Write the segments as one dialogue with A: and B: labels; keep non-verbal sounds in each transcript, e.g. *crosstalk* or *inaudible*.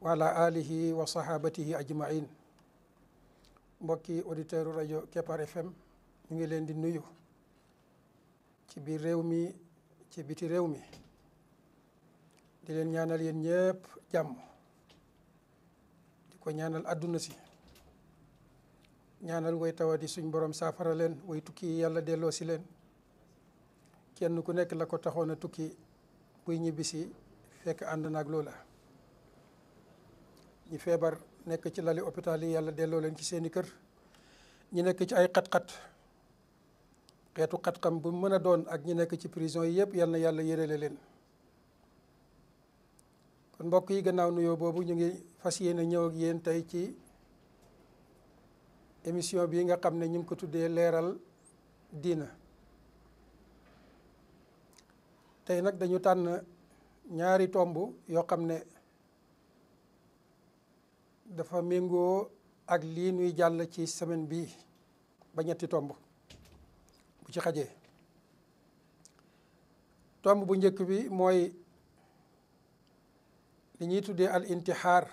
A: wa ala alihi wa sahabatihi ajmain mbokki auditeurs rajo Kepar ñu ngi leen di nuyu ci biir réew mi ci biti réew mi di leen ñaanal yéen ñëpp jàmm di ko ñaanal adduna si ñaanal way tawa di suñ borom saafara leen way tukki yàlla delloo si leen kenn ku nekk la ko taxoon a tukki buy ñibbisi fekk ànd ak loola ñi feebar nekk ci lali hôpital yi yàlla delloo leen ci seeni kër ñi nekk ci ay xat-xat xeetu xat-xam bu mën a doon ak ñi nekk ci prison yi yëpp yal na yàlla yërale leen kon mbokk yi gannaaw nuyoo boobu ñu ngi fas yéene ñëw ak yéen tey ci émission bi nga xam ne ñu ngi ko tuddee leeral diina tey nag dañu tànn ñaari tomb yoo xam ne dafa méngoo ak lii nuy jàll ci semaine bii ba ñetti tomb bu ci xajee tomb bu njëkk bi mooy li ñuy tuddee al intixaar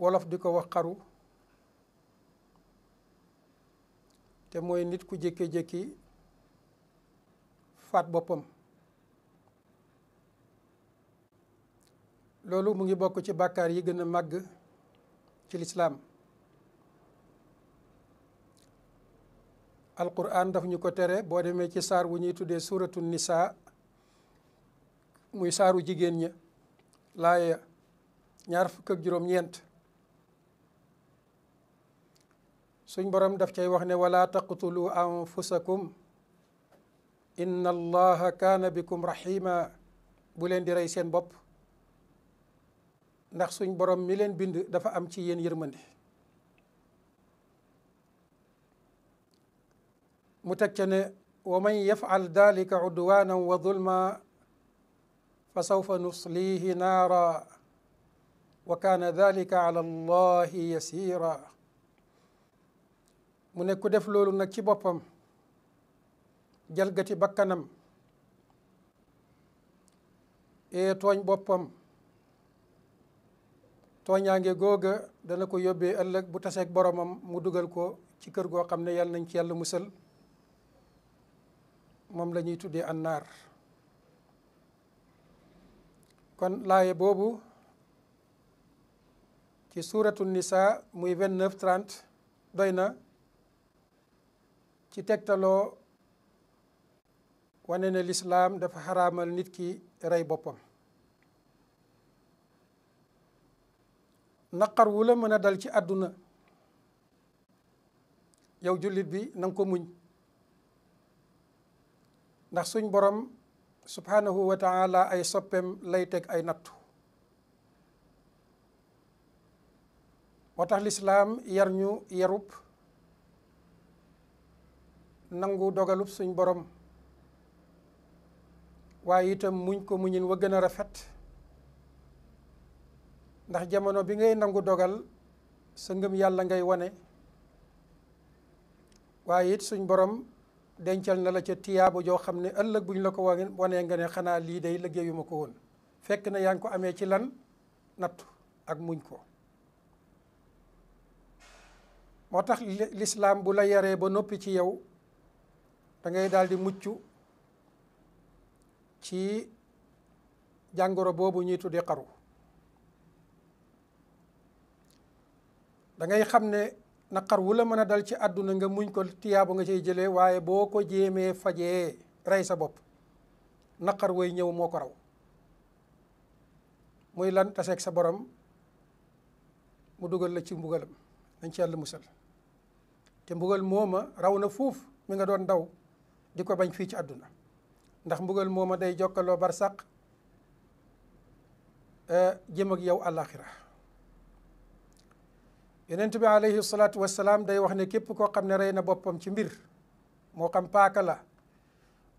A: wolof di ko wax xaru te mooy nit ku jékki-jékki faat boppam loolu mu ngi bokk ci bàkkaar yi gën a màgg ci lislaam alquran daf ñu ko tere boo demee ci saar wu ñuy tuddee suuratu nisaa muy saaru jigéen ña laaya ñaar fukk ak juróom ñeent suñ borom daf cay wax ne wala taqtulu anfusakum inna allaha kaana bikum rahima bu leen di rey seen bopp ndax suñ borom mi leen bind dafa am ci yéen yërmande mu teg ne wa man yafal dalika udwanan wa zulma fa sawfa nuslihi naara wa kaana dalika ala allahi mu ne def loolu nag ci boppam jalgati bakkanam ee boppam tooñaange googa dana ko yóbbee ëllëg bu taseeg boromam mu dugal ko ci kër goo xam ne yàlla nañ ci yàlla musal moom la ñuy tuddee annaar kon laaye boobu ci suuratu nisa muy vingt neuf doy na ci tegtaloo wane ne lislaam dafa xaraamal nit ki rey boppam naqar wu la mën a dal ci àdduna yow jullit bi na ko muñ ndax suñ borom subhanahu wa taala ay soppeem lay teg ay nattu moo tax lislaam yar ñu yarub nangu dogalub suñ borom waaye itam muñ ko muñin wa gën a rafet ndax jamono bi ngay nangu dogal sa ngëm yàlla ngay wane waaye it suñ borom dencal na la ca tiyaabu joo xam ne ëllëg bu ñu la ko wanee nga ne xanaa lii day liggéeyu ma ko woon fekk na yaa ngi ko amee ci lan nattu ak muñ ko moo tax lislaam bu la yaree ba noppi ci yow dangay ngay daal mucc ci jàngoro boobu ñuy tuddee xaru da ngay xam ne naqar wu la mën a dal ci àdduna nga muñ ko tiyaabu nga cay jëlee waaye boo ko jéemee fajee rey sa bopp naqar woy ñëw moo ko raw muy lan taseeg sa borom mu dugal la ci mbugalam dañ ci yàlla musal te mbugal mooma raw na fuuf mu nga doon daw di ko bañ fii ci àdduna ndax mbugal mooma day jokkaloo barsàq eh, jëm ak yow àllaaxira yonent bi alayhi salaatu wasalaam day wax ne képp koo xam ne rey na boppam ci mbir moo xam paaka la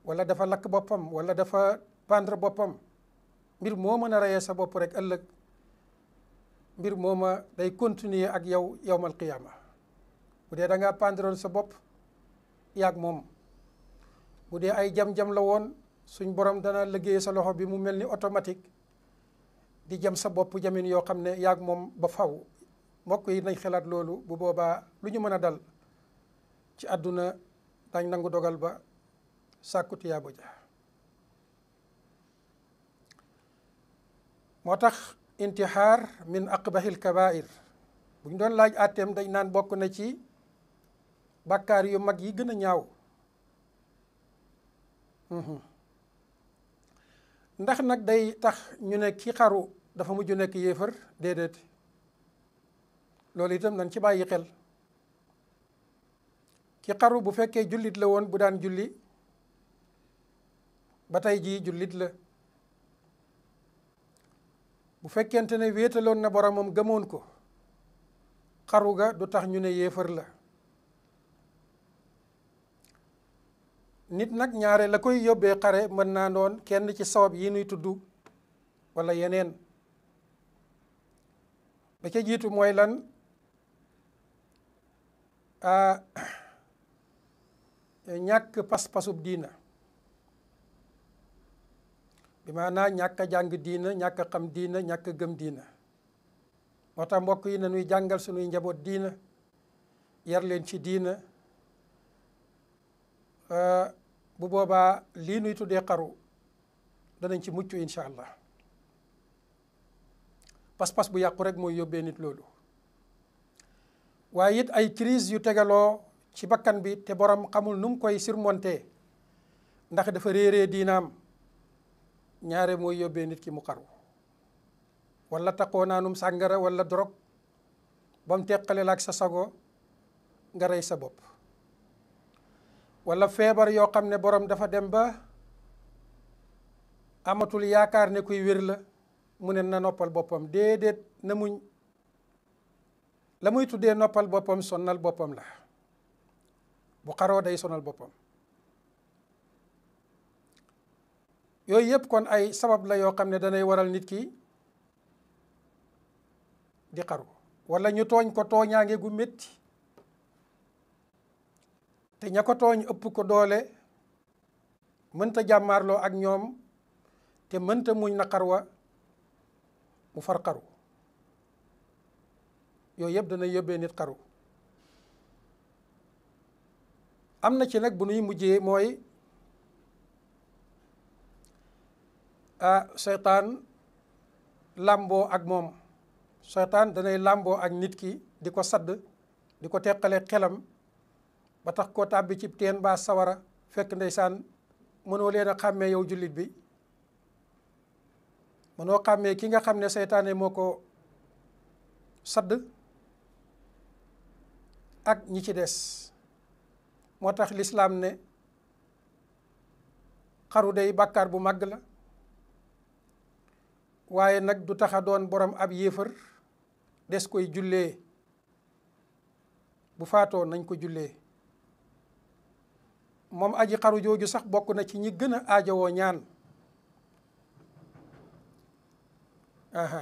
A: wala dafa lakk boppam wala dafa pendre boppam mbir moo mën a reyee sa bopp rek ëllëg mbir mooma day continuer ak yow yowmal qiyaama bu dee da ngaa pendroon sa bopp yaag moom bu dee ay jam-jam la woon suñ borom dana liggéey sa loxo bi mu mel ni automatique di jam sa bopp jamin yoo xam ne yaag moom ba faw mbokk yi nañ xelaat loolu bu boobaa lu ñu mën a dal ci àdduna dañ nangu dogal ba sàkku tiyaabo ja moo tax intixaar min aqbahil kabair bu ñu doon laaj àtteem day naan bokk na ci bàkkaar yu mag yi gën a ñaaw mhm. ndax nag day tax ñu ne ki xaru dafa mujj nekk yéefar déedéet loolu itam nañ ci bàyyi xel ki xaru bu fekkee jullit la woon bu daan julli ba tey jii jullit la bu fekkente ne wéetaloon na boromam gëmoon ko xaru ga du tax ñu ne yéefar la nit nag ñaare la koy yóbbee xare mën naa doon kenn ci sabab yi nuy tudd wala yeneen ba ca jiitu mooy lan *clears throat* ñàkk pas-pasub diina bi maanaam ñàkk a jàng diina ñàkk a xam diina ñàkk a gëm diina moo tax mbokk yi na nañuy jàngal suñuy njaboot diina yar leen ci diina bu boobaa lii nuy tuddee xaru danañ ci mucc incha allah pas-pas bu yàqu rek mooy yóbbee nit loolu waaye it ay crise yu tegaloo ci bakkan bi te borom xamul nu mu koy surmonter ndax dafa réeree diinaam ñaare mooy yóbbee nit ki mu xaru wala taqoo naanum sàngara wala drogue ba mu la ak sa sago nga rey sa bopp wala feebar yoo xam ne boroom dafa dem ba amatul yaakaar ne kuy wér la mu nen na noppal boppam déedéet na muñ la muy tuddee noppal boppam sonnal boppam la bu xaroo day sonal boppam yooyu yëpp kon ay sabab la yoo xam ne danay waral nit ki di xaru wala ñu tooñ ko tooñaange gu metti te ña ko tooñ ëpp ko doole mënta jàmmaarloo ak ñoom te mënta muñ na xar wa mu far xaru yooyu yëpp dana yóbbee nit xaru am na ci nag bu nuy mujjee mooy ah seytaan làmboo ak moom seytaan danay làmboo ak nit ki di ko sadd di ko teqale xelam ba tax koo tàbbi ci teen baa sawara fekk ndeysaan mënoo leen a xàmmee yow jullit bi mënoo xàmmee ki nga xam ne seytaane moo ko sadd ak ñi ci des moo tax lislaam ne xaru day bàkkaar bu màgg la waaye nag du taxa doon boroom ab yéefar des koy jullee bu faatoo nañ ko jullee moom aj xaru jooju sax bokk na ci ñi gën a aajowoo ñaan aha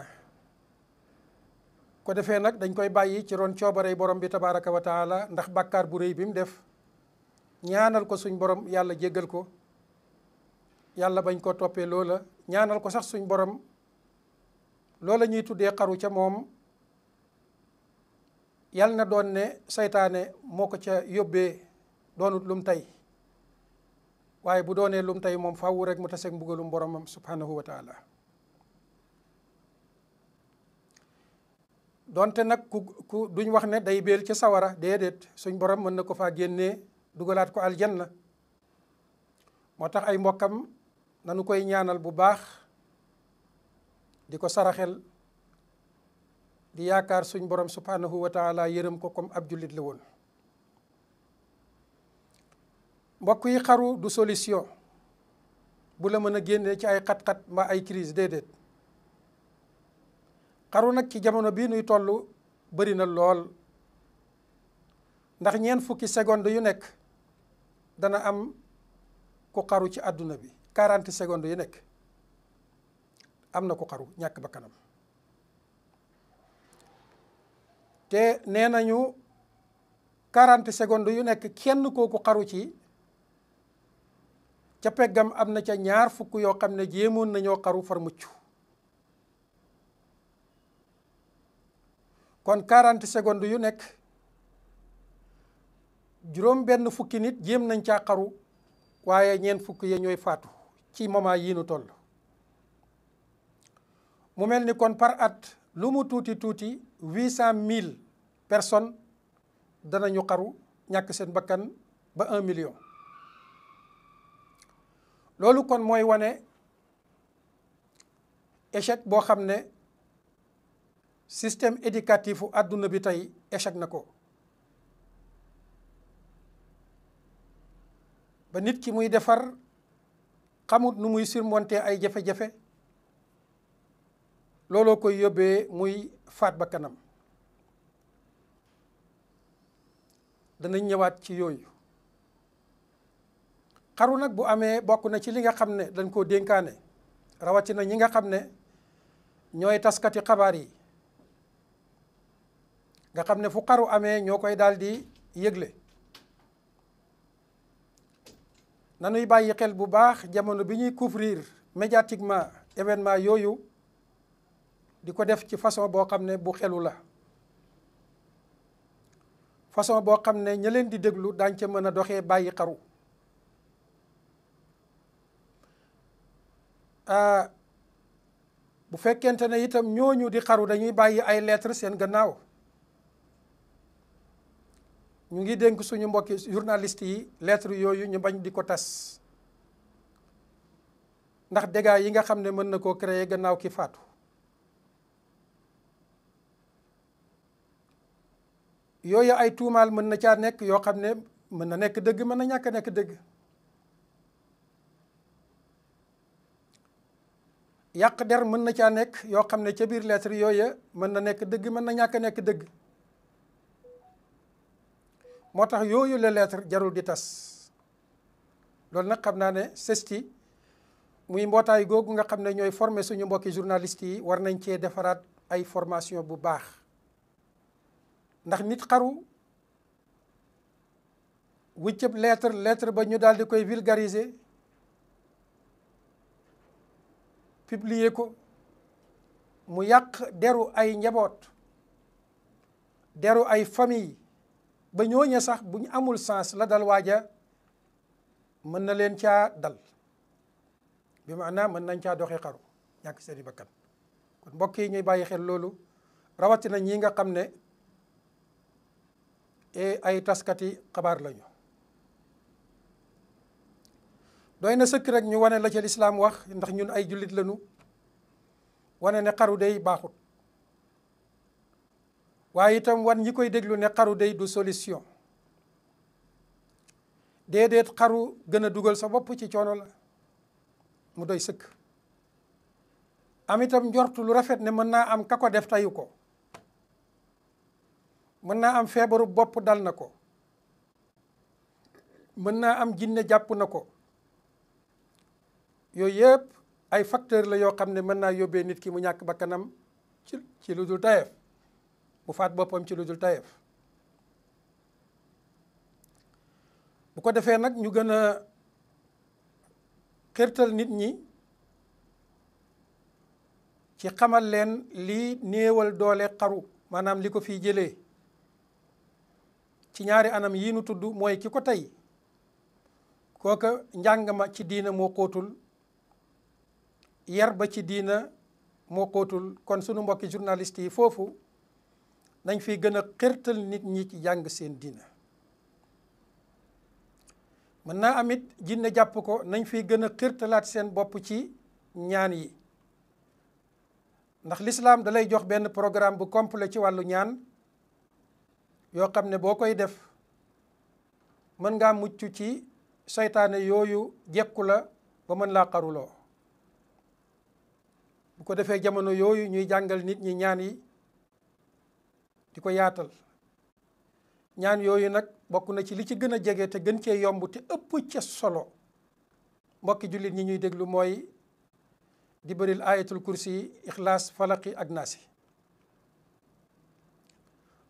A: ko defee nag dañ koy bàyyi ci ron coobarey borom bi tabaraka wa taala ndax bàkkaar bu rëy bi mu def ñaanal ko suñ borom yàlla jéggal ko yàlla bañ koo toppee loola ñaanal ko sax suñ borom loola ñuy tuddee xaru ca moom yàlla na doon ne saytaane moo ko ca yóbbee doonut lum tey waaye bu doonee lum tey moom fàww rek mu taseeg mbugalum boromam subhanahu wa taala donte nag ku ku duñ wax ne day béel ci sawara déedéet suñ borom mën na ko faa génnee dugalaat ko aljanna moo tax ay mbokkam nanu koy ñaanal bu baax di ko saraxel di yaakaar suñ borom subhanahu wa taala yërëm ko comme ab jullit la woon mbokk yi xaru du solution bu la mën a génnee ci ay xat-xat mbaa ay crise déedéet xaru nag ci jamono bii nuy toll bëri na lool ndax ñeen fukki seconde yu nekk dana am ku xaru ci àdduna bi 40 secondes yu nekk am na ku xaru ñàkk ba kanam te nee nañu 40 secondes yu nekk kenn kooku xaru ci ca peggam am na ca ñaar fukk yoo xam ne jéemoon nañoo xaru far mucc kon 40 secondes yu nekk juróom benn fukki nit jéem nañ caa xaru waaye ñeent fukki ya ñooy faatu ci moment yii nu mu mel ni kon par at lu mu tuuti tuuti 800000 personnes danañu xaru ñàkk seen bakkan ba 1 million loolu kon mooy wane échec boo xam ne système éducatif u àdduna bi tey échec na ko ba nit ki muy defar xamut nu muy surmonter ay jafe-jafe looloo koy yóbbee muy faat ba kanam danañ ñëwaat ci yooyu xaru nag bu amee bokk na ci li nga xam ne dañ koo dénkaane rawatina ñi nga xam ne ñooy taskati xabaar yi nga xam ne fu xaru amee ñoo koy daal di yëgle nanuy bàyyi xel bu baax jamono bi ñuy couvrir médiatiquement événement yooyu di ko def ci façon boo xam ne bu xelu la façon boo xam ne ña leen di déglu daañ ca mën a doxee bàyyi xaru ah, bu fekkente ne itam ñooñu di xaru dañuy bàyyi ay lettres seen gannaaw ñu ngi dénk suñu mbokki journaliste yi lettre yooyu ñu bañ di ko tas ndax dégâts yi nga xam ne mën na koo créer gannaaw ki faatu yooya ay tuumaal mën na caa nekk yoo xam ne mën na nekk dëgg mën na ñàkk nekk dégg yàq der mën na caa nekk yoo xam ne ca biir lettre yooya mën na nekk dëgg mën na ñàkk nekk dëgg moo tax yooyu la lettre jarul di tas loolu nag xam naa ne sesti muy mbootaay googu nga xam ne ñooy formé suñu mbokki journaliste yi war nañ cee defaraat ay formation bu baax ndax nit xaru wëccëb lettre lettre ba ñu daal di koy vulgariser publier ko mu yàq deru ay njaboot deru ay famille ba ñooña sax bu ñu amul sens la dal waaja mën na leen caa dal bi maanaam mën nañ caa doxee xaru ñàkk seeni bakkan kon mbokk yi ñuy bàyyi xel loolu rawatina ñi nga xam ne ay taskati xabaar lañu dooy na sëkk rek ñu wane la ca lislaam wax ndax ñun ay jullit lañu wane ne xaru dey baaxut waaye itam wan ñi koy déglu ne xaru day du solution déedéet xaru gën a dugal sa bopp ci coono la mu doy sëkk am itam njortu lu rafet ne mën naa am kako ko def tayu ko mën naa am feebaru bopp dal na ko mën naa am jinne jàpp na ko yooyu yëpp ay facteur la yoo xam ne mën naa yóbbee nit ki mu ñàkk bakkanam ci ci lu dul tayef bu faat boppam ci lu dul tayef bu ko defee nag ñu gën a xirtal nit ñi ci xamal leen lii néewal doole xaru maanaam li ko fii jëlee ci ñaari anam yii nu tudd mooy ki ko tey kooka njàng ma ci diina moo xóotul yar ba ci diina moo xóotul kon sunu mbokki journaliste yi foofu nañ fi gën a xirtal nit ñi ci jàng seen diina mën naa amit jinne jàpp ko nañ fi gën a xirtalaat seen bopp ci ñaan yi ndax lislaam dalay jox benn programme bu complet ci wàllu ñaan yoo xam ne boo koy def mën ngaa mucc ci seytaane yooyu jekku la ba mën laa xaruloo bu ko defee jamono yooyu ñuy jàngal nit ñi ñaan yi di ko yaatal ñaan yooyu nag bokk na ci li ci gën a jege te gën cee yomb te ëpp ca solo mbokki jullit ñi ñuy déglu mooy di bëril ayatul kursi ixlaas falaqi ak naasi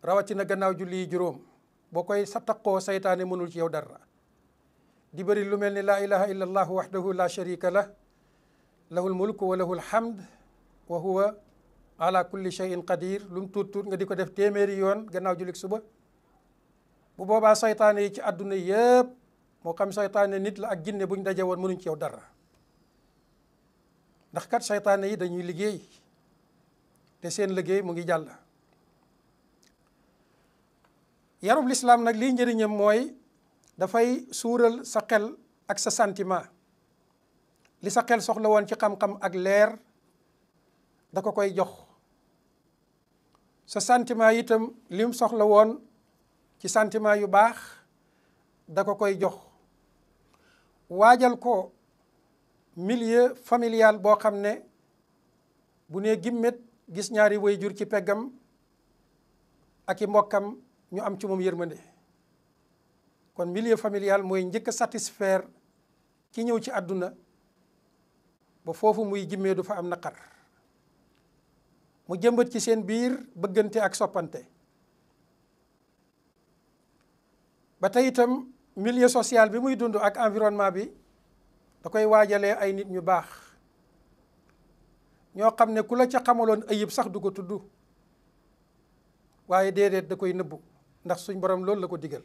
A: rawatina gannaaw julli juróom boo koy sa taqoo saytaane mënul ci yow dara di bëri lu mel ni laa ilaha illa allahu waxdahu la sharika lah lahu l wa lahu l wa huwa ala kulli shay'in qadir lu mu tuut tuut nga di ko def téeméeri yoon gannaaw julik suba bu boobaa saytaane yi ci àdduna yëpp moo xam saytaane nit la ak jinne bu ñu daje woon mënuñ ci yow dara ndax kat saytaane yi dañuy liggéey te seen liggéey mu ngi jàll yarub lislaam nag li njëriñam mooy dafay suural sa xel ak sa sentiment li sa xel soxla woon ci xam-xam ak leer da ko koy jox sa sentiment itam lim soxla woon ci sentiment yu baax da koy jox waajal ko milieu familial boo xam ne bu ne gimmet gis ñaari jur ci peggam aki mbokkam ñu am ci moom yërmande kon milieu familial mooy njëkk a ki ñëw ci àdduna ba foofu muy gimmee du fa am naqar mu jëmbat ci seen biir bëggante ak soppante ba tey itam milieu social bi muy dund ak environnement bi da koy waajalee ay nit ñu baax ñoo xam ne ku la ca xamaloon ayib sax du ko tudd waaye déedéet da koy nëbbu ndax suñ borom loolu la ko digal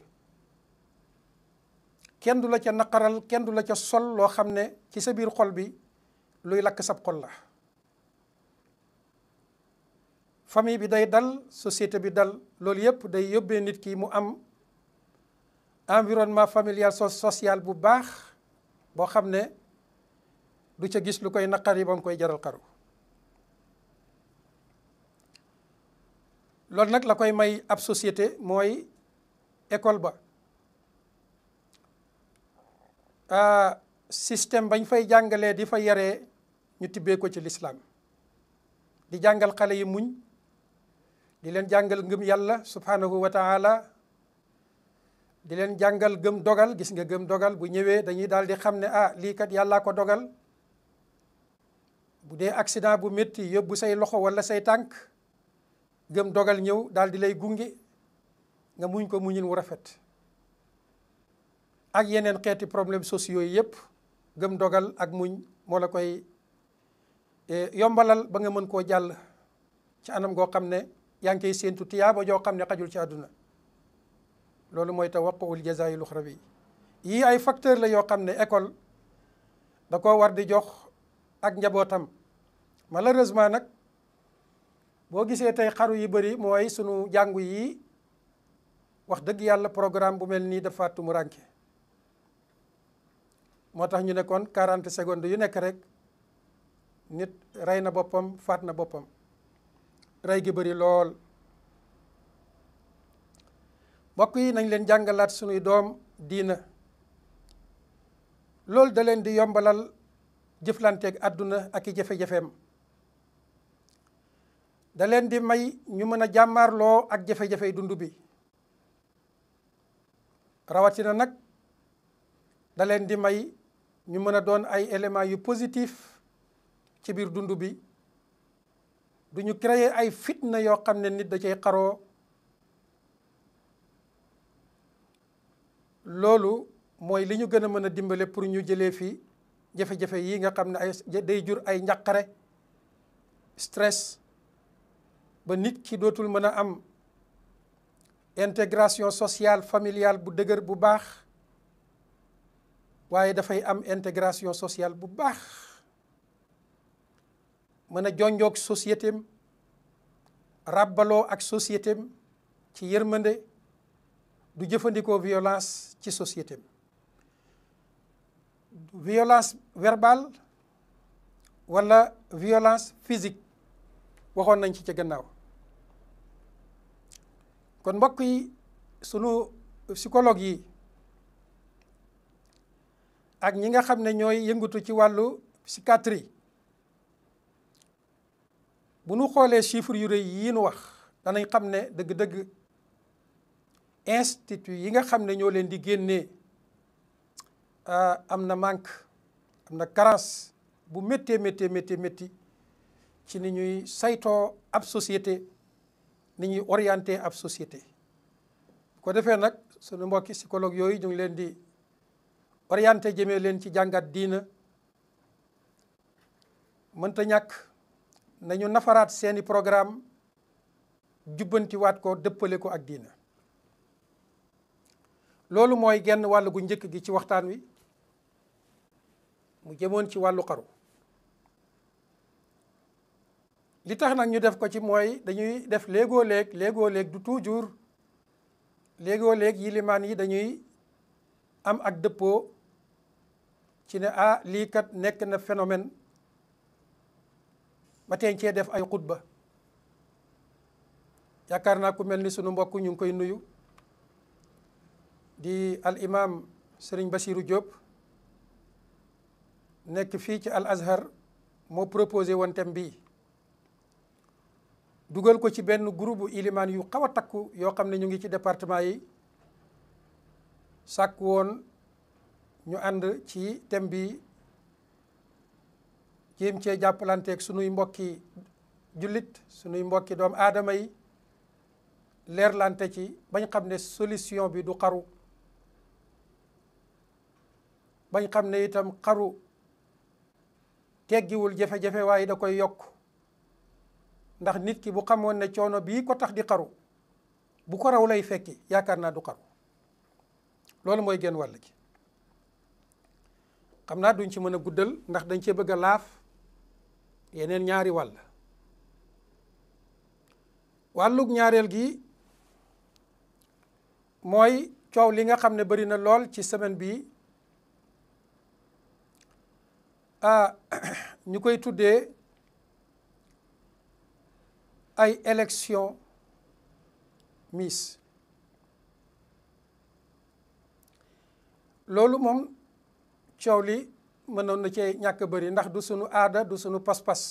A: kenn du la ca naqaral kenn du la ca sol loo xam ne ci sa biir xol bi luy lakk sab xol la famille bi day dal société bi dal loolu yëpp day yóbbee nit ki mu am environnement familial social bu baax boo xam ne du ca gis lu koy naqari ba mu koy jaral xaru loolu nag la koy may ab société mooy école ba ah, système bañ fay jàngalee di fa yare ñu tibbee ko ci lislaam di jàngal xale yi muñ di leen jàngal ngëm yàlla subhanahu wa taala di leen jàngal gëm dogal gis nga gëm dogal bu ñëwee dañuy daal di xam ne ah lii kat yàllaa ko dogal bu dee accident bu métti yóbbu say loxo wala say tànk gëm dogal ñëw daal di lay gunge nga muñ ko muñin wu rafet ak yeneen xeeti problème sociaux yi yëpp gëm dogal ak muñ moo koy eh, yombalal ba nga mën koo jàll ci anam goo xam ne yaa ngi koy séentu tiyaaba joo xam ne xajul ci àdduna loolu mooy tawaqqul jazaa'i luxrawi yii ay facteur la yoo xam ne école da ko war di jox ak njabootam malheureusement nag boo gisee tey xaru yi bari mooy sunu jàngu yi wax dëgg yàlla programme bu mel nii dafa tumurànke moo tax ñu ne kon 40 secondes yu nekk rek nit rey na boppam faat na boppam rey gi bëri lool mbokk yi nañ leen jàngalaat suñuy doom diina loolu da leen di yombalal jëflanteek àdduna ak i jafe-jafeem da leen di may ñu mën a jàmmaarloo ak jafe-jafey dund bi rawatina nag da leen di may ñu mën a doon ay éléments yu positif ci biir dundu bi du ñu créer ay fitna yoo xam ne nit da cay xaroo loolu mooy li ñu gën a mën a dimbale pour ñu jëlee fii jafe-jafe yi nga xam ne ay day jur ay njàqare stress ba nit ki dootul mën a am integration sociale familiale bu dëgër bu baax waaye dafay am integration sociale bu baax mën a jonjoog société am ak société ci yërmande du jëfandikoo violence ci société am violence verbale wala violence physique waxoon nañ ci ca gannaaw kon mbokk yi sunu psychologue yi ak ñi nga xam ne ñooy yëngatu ci wàllu psychiatrie bu nu xoolee chiffres yu rëy yi nu wax danañ xam ne dëgg-dëgg institut yi nga xam ne ñoo leen di génnee ah, am na manque am na carence bu méttee méttee méttee métti ci ni ñuy sayto ab société ni ñuy orienté ab société ko defee nag sunu mbokki psychologue yooyu ñu leen di orienté jëmee leen ci jàngat diina mënta ñàkk nañu nafaraat seeni programme jubbantiwaat ko dëppale ko ak diina loolu mooy genn wàll gu njëkk gi ci waxtaan wi mu jëmoon ci wàllu xaru li tax nag ñu def ko ci mooy dañuy def léegoo léeg léegoo léeg du toujours léegoo léeg yilimaan yi dañuy am ak dëppoo ci ne ah lii kat nekk na phénomène ma teen cee def ay xutba yaakaar naa ku mel ni sunu mbokk ñu ngi koy nuyu di al imam Serigne Bassirou Diop nekk fii ci al azhar moo proposé woon thème bii dugal ko ci benn groupe ilimaan yu xaw a takku yoo xam ne ñu ngi ci département yi sàkk woon ñu ànd ci thème bi jéem cee jàppalanteeg sunuy mbokki jullit sunuy mbokki doom aadama yi leerlante ci bañ xam ne solution bi du xaru bañ xam ne itam xaru teggiwul jafe-jafe waaye da koy yokk ndax nit ki bu xamoon ne coono bi ko tax di xaru bu ko raw lay fekki yaakaar naa du xaru loolu mooy genn wàll gi xam naa duñ ci mën a guddal ndax dañ cee bëgg a laaf yeneen ñaari wàll wàllug ñaareel gi mooy coow li nga xam ne bari na lool ci semaine bi ah *coughs* ñu koy tuddee ay élection Miss loolu moom coow li mënoon na cee ñàkk bari ndax du sunu aada du sunu pas-pas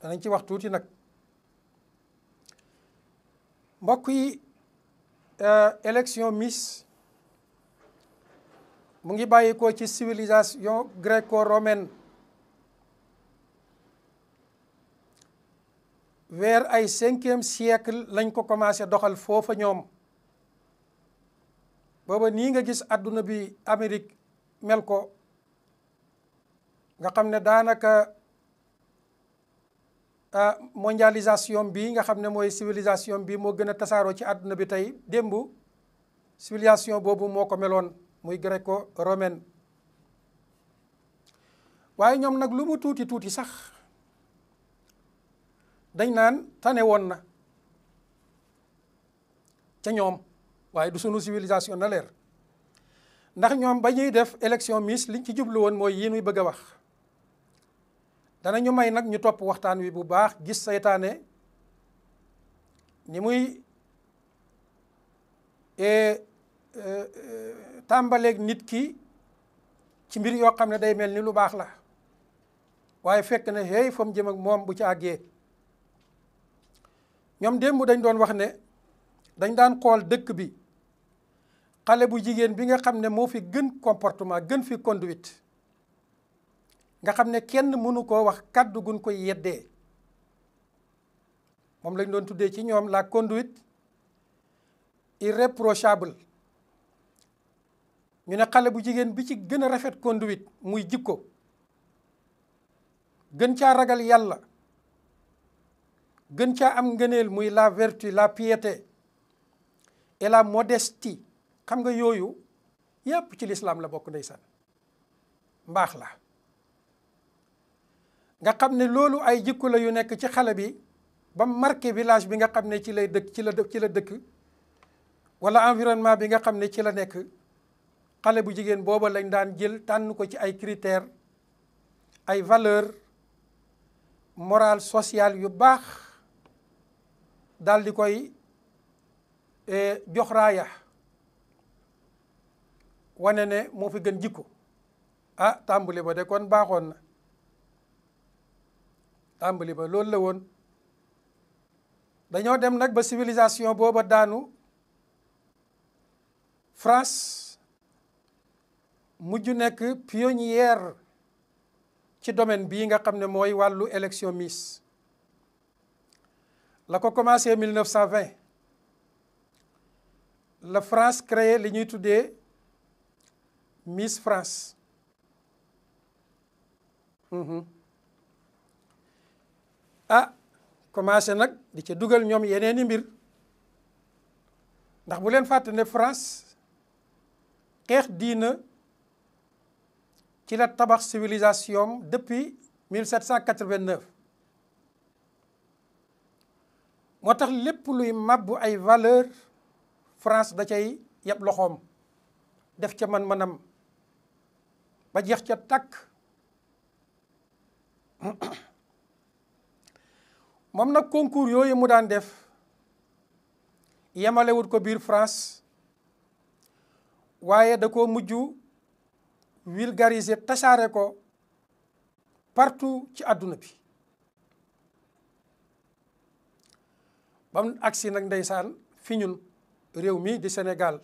A: danañ ci wax tuuti nag mbokk yi euh, élection Miss mu ngi bàyyikoo ci civilisation gréco-romaine vers ay cinquième siècle lañ ko commencé doxal foofa ñoom booba nii nga gis adduna bi Amérique mel ko nga xam ne daanaka mondialisation bi nga xam ne mooy civilisation bi moo gën a tasaaroo ci adduna bi tey démb civilisation boobu moo ko meloon muy gréco romaine waaye ñoom nag lu mu tuuti tuuti sax dañ naan tane woon na ca ñoom waaye du sunu civilisation na leer ndax ñoom ba ñuy def élection Miss liñ ci jublu woon mooy yi muy bëgg a wax danañu may nag ñu topp waxtaan wi bu baax gis saytaane ni muy e, e, e, tàmbaleeg nit ki ci mbir yoo xam ne day mel ni lu baax la waaye fekk na hey fa mu jëm ak moom bu ci àggee ñoom démb dañ doon wax ne dañ daan xool dëkk bi xale bu jigéen bi nga xam ne moo fi gën comportement gën fi conduite nga xam ne kenn mënu koo wax kàddu gun ko yeddee moom lañ doon tuddee ci ñoom la conduite irréprochable ñu ne xale bu jigéen bi ci gën a rafet conduite muy jikko gën caa ragal yàlla gën caa am ngëneel muy la vertu la piété et la modestie xam nga yooyu yépp ci lislaam la bokk ndeysaan mbaax la nga xam ne loolu ay jikko la yu nekk ci xale bi ba marqué village bi nga xam ne ci lay dëkk ci la ci la dëkk wala environnement bi nga xam ne ci la nekk xale bu jigéen booba lañ daan jël tànn ko ci ay critères ay valeur morale sociale yu baax daal di koy eh, joxraaya wane ne moo fi gën jikko ah tàmbali ba de kon baaxoon na tàmbali ba loolu la woon dañoo dem nag ba civilisation booba daanu France mujj nekk pionnière ci domaine bii nga xam ne mooy wàllu élection Miss la ko commencé 1920 la France créé li ñuy tuddee Miss France. Mhm. ah commencé nag di ca dugal ñoom yeneen yeneeni mbir ndax bu leen fàtte France xeex diina ci la tabax civilisation depuis 1789 moo tax lépp luy màbbu ay valeur France da cay yeb loxoom def ca man-manam a jeex ca takk *clears throat* moom nag concours yooyu mu daan def yemalewut ko biir France waaye da ko mujj vulgariser tasaare ko partout ci àdduna bi ba mu agsi nag ndeysaan fi ñun réew mi di Sénégal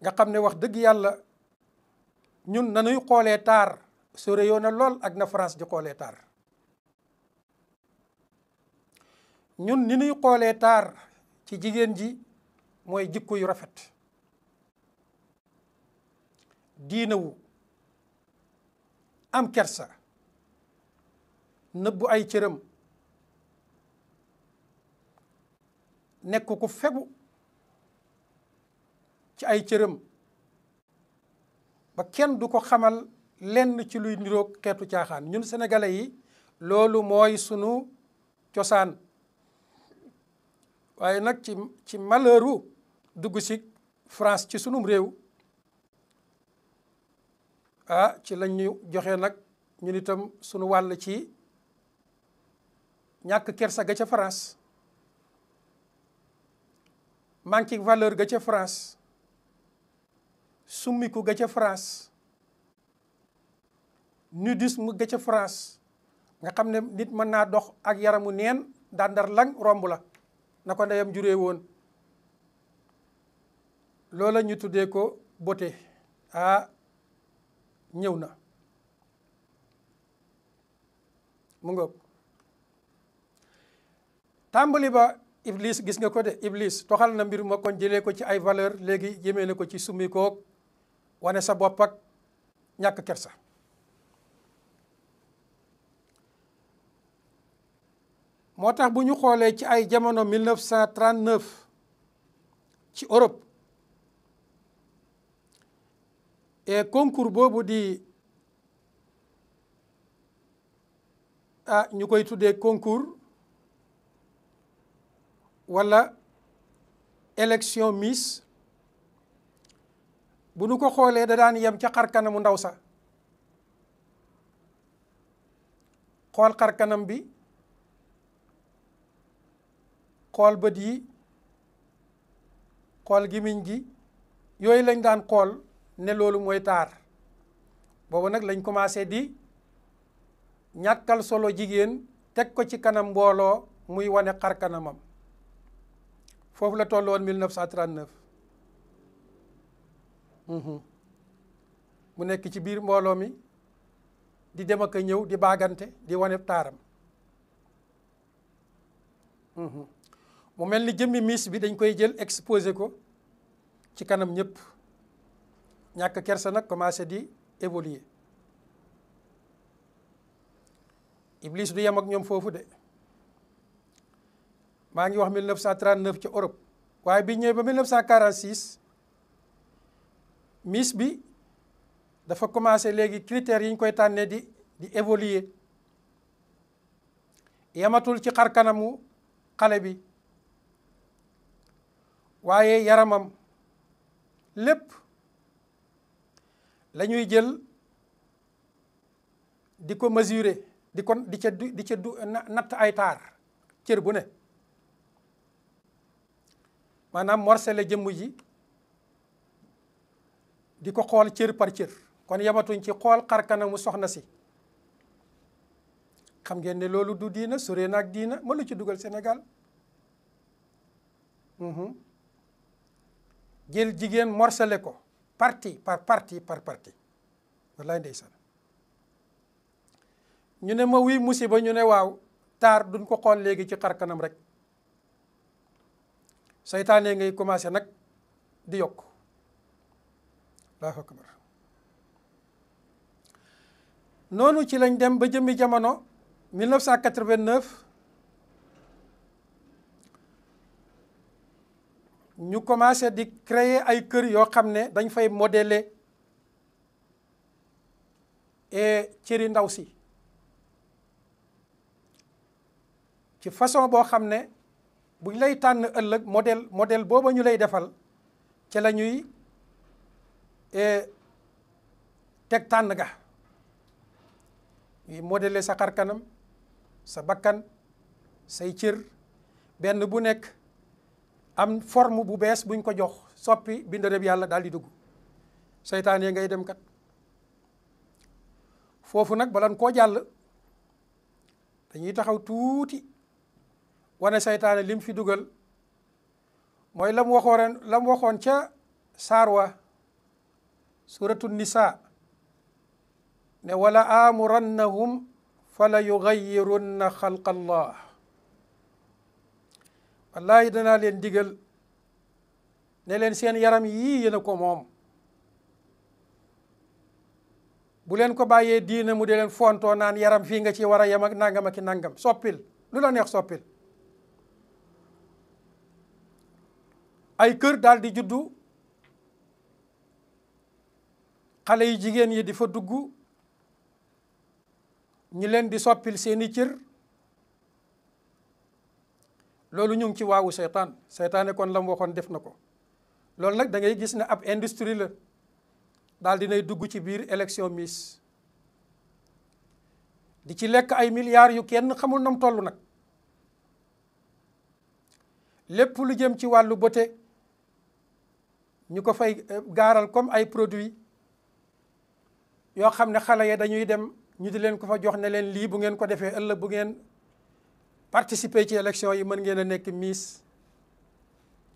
A: nga xam ne wax dëgg yàlla ñun nanuy xoolee taar sore yoo lool ak na France di xoolee ñun ni nuy xoolee taar ci jigéen ji mooy jikko yu rafet diinawu am kersa nëbbu ay cëram nekk ku fegu ci ay cëram kenn du ko xamal lenn ci luy niroog xeetu caaxaan ñun sénégalais yi loolu mooy sunu cosaan waaye nag ci ci malheuru dugg si France ci sunum réew ah ci lañ joxe nag ñun itam sunu wàll ci ñàkk kersa ga ca France manque valeur ga ca France summiku ga ca France nudisme ga ca France nga xam ne nit mën naa dox ak yaram mu neen dandar lang romb la na ko ndeyam juree woon loola ñu tuddee ko beauté ah ñëw na mu ngoog tàmbali ba iblis gis nga ko de iblis toxal na mbir ma kon jëlee ko ci ay valeur léegi jëmee na ko ci summi wane sa boppat ak ñàkk kersa moo tax bu ñu xoolee ci ay jamono 1939 ci Europe et concours boobu di ah ñu koy tuddee concours wala élection Miss bu nu ko xoolee da daan yem ca xar kanamu ndaw sax xool xar kanam bi xool bët yi xool gimiñ gi yooyu lañ daan xool ne loolu mooy taar boobu nag lañ commencé di ñàkkal solo jigéen teg ko ci kanam mbooloo muy wane xar kanamam foofu la tolloon 1939 Mhm. mu nekk ci biir mbooloo mi di dem ak ñëw di baagante di wane taaram mhm. mu mel ni jëmmi miss bi dañ koy jël exposé ko ci kanam ñëpp ñàkk kersa nag commencé di évoluer Iblis du yem ak ñoom foofu de maa ngi wax 1939 ci Europe waaye bi ñëwee ba 1946 miss bi dafa commencé léegi critères yi ñu koy tànnee di di évoluer yamatul ci xar kanamu xale bi waaye yaramam lépp la ñuy jël di ko mesurer di ko di ca di ca natt ay taar cër bu ne maanaam morcelé jëmm ji di ko xool cër par cër kon yamatuñ ci xool mu soxna si xam ngeen ne loolu du diina sore naag diina lu ci dugal Sénégal mhm. jël jigéen morcelé ko parti par parti par parti wallaay ndeysaan ñu ne ma wii musiba ñu ne waaw taar duñ ko xool léegi ci kanam rek seytaane ngay commencé nag di yokk allahu noonu ci lañ dem ba jëmmi jamono 1989 ñu commencé di créer ay kër yoo xam ne dañ fay modeler et cëri ndaw si ci façon boo xam ne buñ lay tànn ëllëg modèle modèle booba ñu lay defal ci la ñuy E teg tànn ga yi modélé sa xar kanam sa bakkan say cër benn bu nekk am forme bu bees buñ ko jox soppi bindareb yàlla daal di dugg seytaan yi ngay dem kat foofu nag balan koo jàll dañuy taxaw tuuti wane seytaane lim fi dugal mooy lam waxoon lam waxoon ca saar wa suratu nisa ne wala amurannahum fala yugayirunna xalqa allah wallaahi danaa leen digal ne leen seen yaram yii yéen a ko moom bu leen ko bàyyee dina mu di leen fontoo naan yaram fii nga ci war a yem ak nangam ak nangam soppil lu la neex soppil ay kër daal di juddu xale yu jigéen yi di fa dugg ñi leen di soppil seeni cër loolu ñu ngi ci waawu seytaan seytaane kon la mu def na ko loolu nag da ngay gis ne ab industrie la daal dinay dugg ci biir élection Miss di ci lekk ay milliards yu kenn xamul nam toll nag lépp lu jëm ci wàllu beauté ñu ko fay eh, gaaral comme ay produits yoo xam ne xale ya dañuy dem ñu di leen ko fa jox ne leen lii bu ngeen ko defee ëllëg bu ngeen participer ci élection yi mën ngeen a nekk miis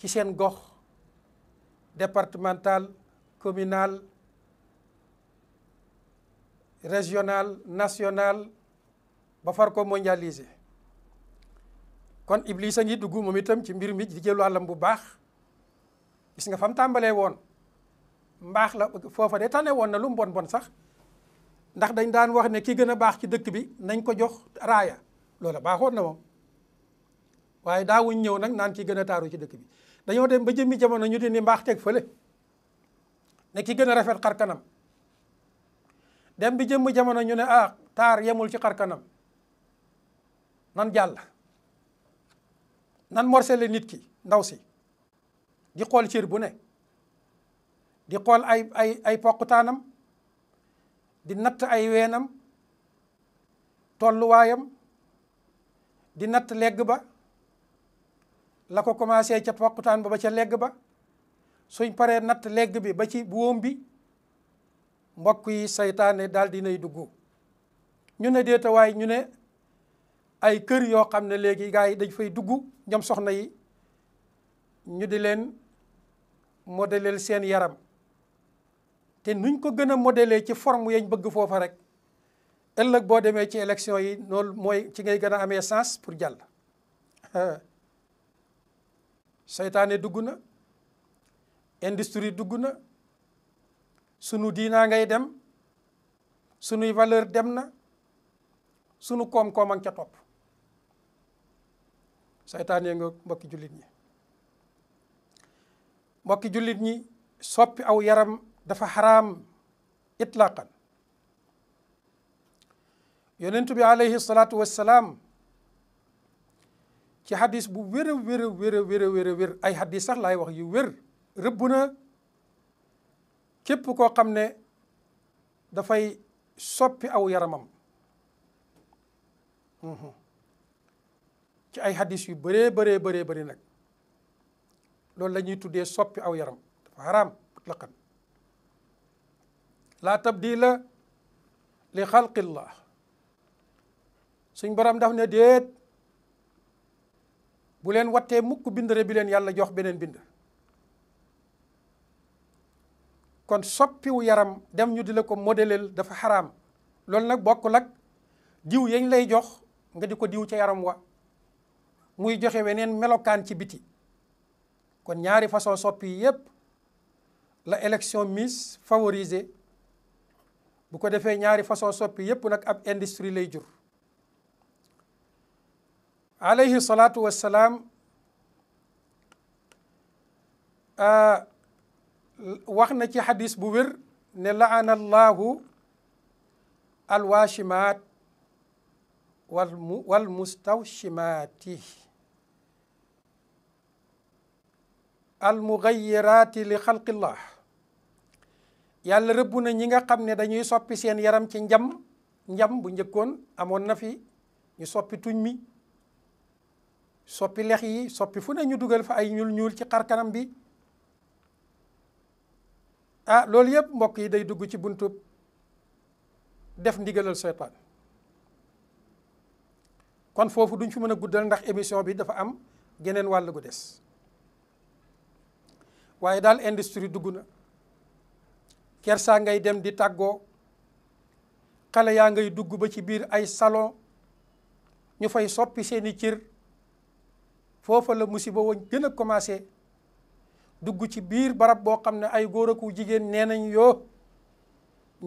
A: ci seen gox départemental communal régional national ba far ko mondialiser kon Iblis a ngi dugg moom itam ci mbir mi di jëlu àllam bu baax gis nga fam tàmbalee woon mbaax la foofa de tane woon na lu mbon bon bon sax ndax dañ daan wax ne ki gën a baax ci dëkk bi nañ ko jox raaya loola baaxoon na moom waaye daawuñ ñëw nag naan ki gën a taaru ci dëkk bi dañoo dem ba jëmmi jamono ñu dindi mbaax teg fële ne ki gën a rafet xar kanam dem bi jëmm jamono ñu ne ah taar yemul ci xar kanam nan jàll nan morcelé nit ki ndaw si di xool cër bu ne di xool ay ay ay poqutaanam di natt ay weenam tolluwaayam di natt legg ba la ko commencé ca poqutaan ba ba ca legg ba suñ paree natt legg bi ba ci wóom bi mbokk yi saytaane daal dinay dugg ñu ne déetawaay ñu ne ay kër yoo xam ne léegi gars yi dañ fay dugg ñoom soxna yi ñu di leen modelel seen yaram te nuñ ko gën a modeler ci forme yañ bëgg foofa rek ëllëg boo demee ci élection yi loolu mooy ci ngay gën a amee sens pour jàll *laughs* seytaane dugg na industrie dugg na sunu diinaa ngay dem sunuy valeur dem na sunu koom-koom a ngi ca topp seytaane nga mbokki jullit ñi mbokki jullit ñi soppi aw yaram dafa xaraam itlaqan yonentu bi alayhi salaatu wassalaam ci xadis bu wér a ay xadis sax laay wax yu wér rëbb na képp koo xam ne dafay soppi aw yaramam mhm. ci ay xadis yu bëree bëree bëree bëri nag loolu la ñuy tuddee soppi aw yaram dafa xaraam mutlaqan la tabdila li xalqillah suñ borom daf ne déet bu leen wattee mukk bindre bi leen yàlla jox beneen bind kon soppiwu yaram dem ñu di la ko modelel dafa xaram loolu nag bokkul ak diw yañ lay jox nga di ko diw ca yaram wa muy joxe weneen melokaan ci biti kon ñaari façon soppi yépp la élection Miss favoriser bu ko defee ñaari façon soppi yépp nag ab industrie lay jur alayhi salaatu wassalaam wax na ci xadis bu wér ne laana llahu alwaashimaat wal mustawshimaati almugayiraati li xalqillah yàlla rëbb na ñi nga xam ne dañuy soppi seen yaram ci njam njam bu njëkkoon amoon na fi ñu soppi tuñ mi soppi lex yi soppi fu ne ñu dugal fa ay ñuul ñuul ci xar kanam bi ah loolu yëpp mbokk yi day dugg ci buntu def ndigalal seytaan kon foofu duñ fi mën a guddal ndax émission bi dafa am geneen wàll gu des waaye daal industrie dugg na kersaa ngay dem di tàggoo kale yaa ngay dugg ba ci biir ay salon ñu fay soppi seeni cër foofa la musiba woon gën a commencé dugg ci biir barab boo xam ne ay góor aku jigéen nee nañ yoo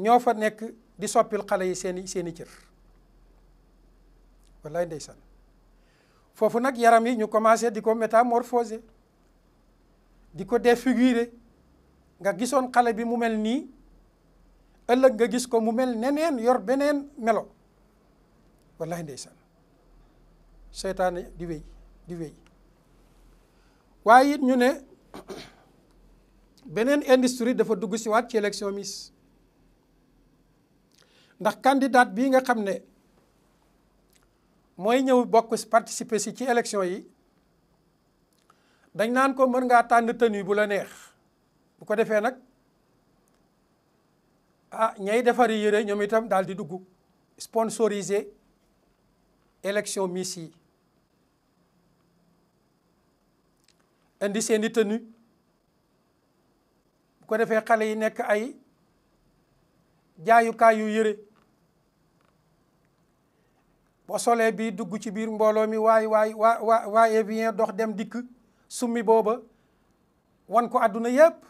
A: ñoo fa nekk di soppil xale yi seeni seeni cër wallaay ndeysaan foofu nag yaram yi ñu commencé di ko métamorphoser di ko défigurer nga gisoon xale bi mu mel nii ëllëg nga gis ko mu mel neneen yor beneen melo wallahi ndeysaan seytaane di wéy di wéy waaye it ñu ne beneen industrie dafa dugg si waat ci élection Miss ndax candidat bii nga xam ne mooy ñëw bokk participer si ci élection yi dañ naan ko mën ngaa tànn tenue bu la neex bu ko defee nag ah ñay defari yére ñoom itam daal di dugg sponsoriser élection Miss yi indi seeni tenue bu ko defee xale yi nekk ay jaayukaay yu yére boo solee bi dugg ci biir mbooloo mi waay waay waa waa waaye bien dox dem dikk summi booba wan ko àdduna yépp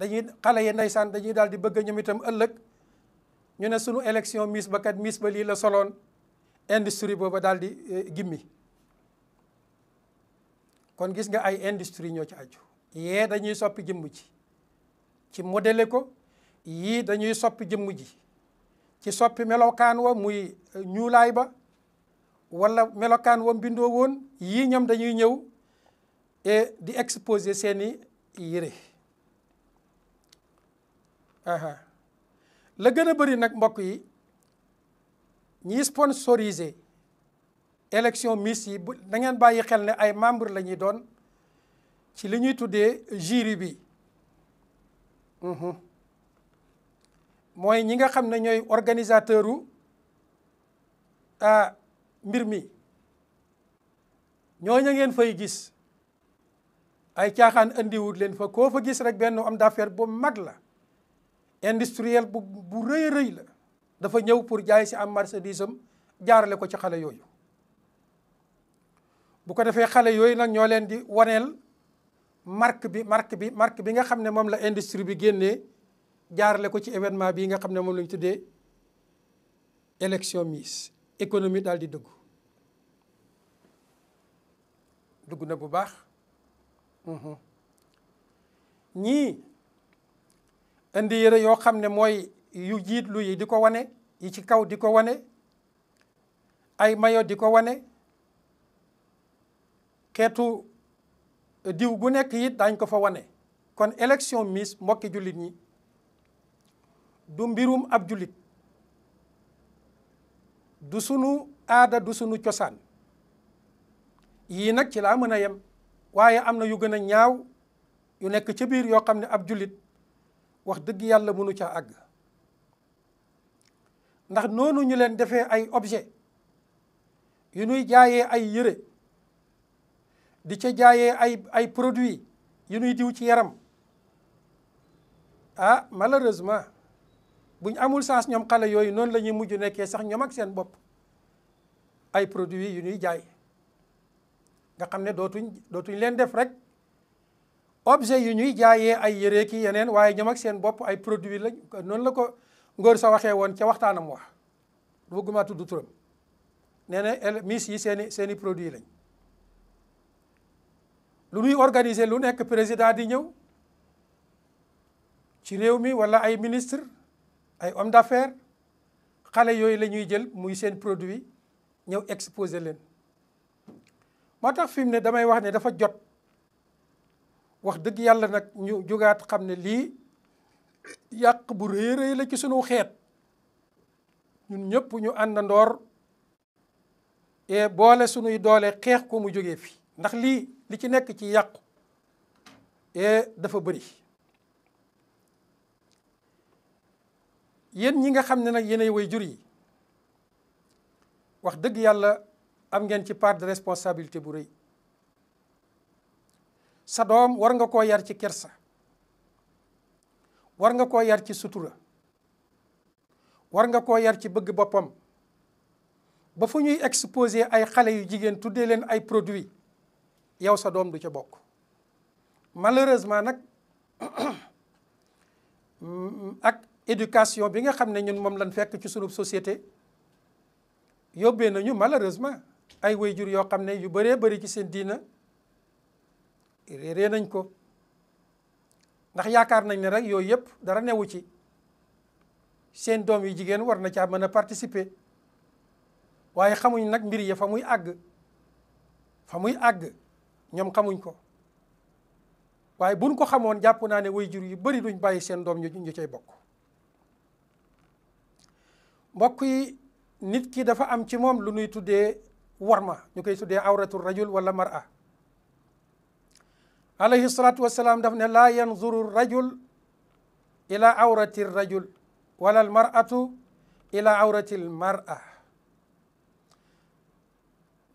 A: dañuy xale yi ndeysaan dañuy daal di bëgg ñoom itam ëllëg ñu ne sunu élection miss ba kat miss ba lii la soloon industrie booba daal di eh, gimmi kon gis nga ay industrie ñoo ci aju yee dañuy soppi jëmm ji ci modélé ko yii dañuy soppi jëmm ji ci soppi melokaan wa muy eh, ñuulaay ba wala melokaan wa mbindoo woon yii ñoom dañuy ñëw eh, di exposé seeni yére la gën a bëri nag mbokk yi ñi sponsorisé élection miss yi bu da ngeen bàyyi xel ne ay membre la ñuy doon ci li ñuy tuddee jury bi mhm. mooy ñi nga xam ne ñooy organisateur u ah mbir mi ñooñu ngeen fay gis ay caaxaan andiwut leen fa koo fa gis rek benn homme d'affaires bu mag la industriel bu bu rëy rëy la dafa ñëw pour jaay si am marchandise am jaarale ko ci xale yooyu bu ko defee xale yooyu nag ñoo leen di waneel marque bi marque bi marque bi nga xam ne moom la industrie bi génnee jaarale ko ci événement bii nga xam ne moom lañu ñu tuddee élection Miss économie daal di dugg dugg na bu baax mhm. ñii indi yére yoo xam ne mooy yu jiitlu yi di ko wane yi ci kaw di ko wane ay mayo di ko wane xeetu diw gu nekk it daañ ko fa wane kon élection Miss mbokki jullit ñi du mbirum ab jullit du sunu aada du sunu cosaan yii nag ci laa mën a yem waaye am na yu gën a ñaaw yu nekk ci biir yoo xam ne ab jullit wax dëgg yàlla mënu caa àgg ndax noonu ñu leen defee ay objet yu ñuy jaayee ay yëre di ca jaayee ay ay produits yu ñuy diw ci yaram ah malheureusement buñ amul sens ñoom xale yooyu noonu la ñuy mujj nekkee sax ñoom ak seen bopp ay produits yu ñuy jaay nga xam ne dootu dootuñ leen def rek objet yu ñuy jaayee ay yére ki yeneen waaye ñoom ak seen bopp ay produit lañ noonu la ko ngóor sa waxee woon ca waxtaanam wax du bëgguma tudd turam nee na miss yi seeni seeni produit lañ lu ñuy organiser lu nekk président di ñëw ci réew mi wala ay ministre ay homme d'affaires xale yooyu la ñuy jël muy seen produit ñëw exposer leen moo tax fi mu ne damay wax ne dafa jot wax dëgg yàlla nag ñu jógaat xam ne lii yàq bu rëy rëy la ci sunu xeet ñun ñëpp ñu àndandoor e boole sunuy doole xeex ko mu jógee fi ndax lii li ci nekk ci yàqu e dafa bëri yéen ñi nga xam ne nag yéenay way jur yi wax dëgg yàlla am ngeen ci part de responsabilité bu rëy sa doom war nga koo yar ci kersa war nga koo yar ci sutura war nga koo yar ci bëgg boppam ba fu ñuy exposé ay xale yu jigéen tuddee leen ay produits yow sa doom du ca bokk malheureusement nag *clears throat* ak éducation bi nga xam ne ñun moom lañ fekk ci sunu société yóbbee nañu malheureusement ay waajur yoo xam ne yu bëree bëri ci seen diina réeree nañ ko ndax yaakaar nañ ne rek yooyu yëpp dara newu ci seen doom yi jigéen war na caa mën a participer waaye xamuñ nag mbir yi fa muy àgg fa muy àgg ñoom xamuñ ko waaye buñ ko xamoon jàpp naa ne way jur yu bari duñ bàyyi seen doom ñu ñu cay bokk mbokk yi nit ki dafa am ci moom lu ñuy tuddee war ma ñu koy tuddee awratul rajul wala mar'a alayhi salaatu wassalaam daf ne laa yanzuru rajul ila awrati rajul wala al mar'atu ila awrati al mar'a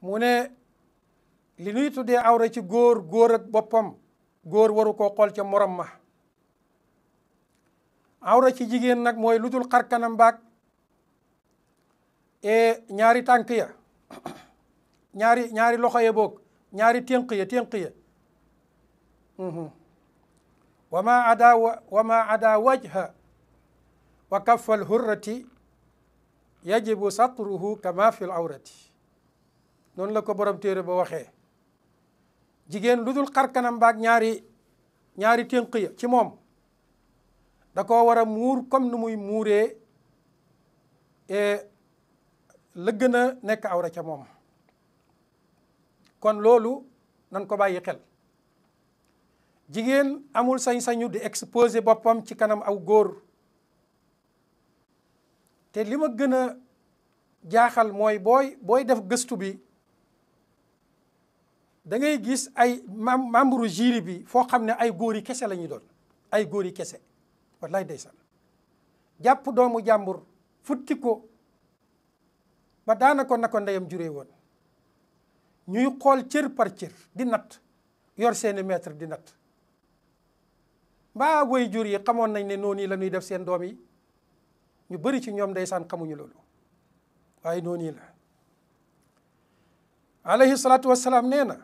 A: mu ne li nuy tuddee awra ci góor góor ak boppam góor waru koo xool ca morom ma awra ci jigéen nag mooy lu dul xar kanam baag e ñaari tànk ya *clears throat* ñaari ñaari loxo ya ñaari ténq ya ténq ya Mm-hmm. wama ada wama ada wajha wa kaffa alhurrati yajibu satruhu kama fi lawrati noonu la ko borom téere ba waxee jigéen lu dul xarkanam baag ñaari ñaari tënk ya ci moom da koo war a muur comme nu muy muuree e la gën a nekk awra ca kon loolu nan ko bàyyi xel jigéen amul sañ-sañu di exposé boppam ci kanam aw góor te li ma gën a jaaxal mooy booy booy def gëstu bi da ngay gis ay membre jury bi foo xam ne ay góor yi kese la ñuy doon ay góor yi kese wallaay ndeysaan jàpp doomu jàmbur futti ko ba daana ko na ko ndeyam woon ñuy xool cër par cër di natt yor seeni mètre di natt mbaa way jur yi xamoon nañ ne noonu yi la def seen doom ñu bari ci ñoom dey xamuñu loolu waaye noonu yi la alayhi salaatu wassalaam nee na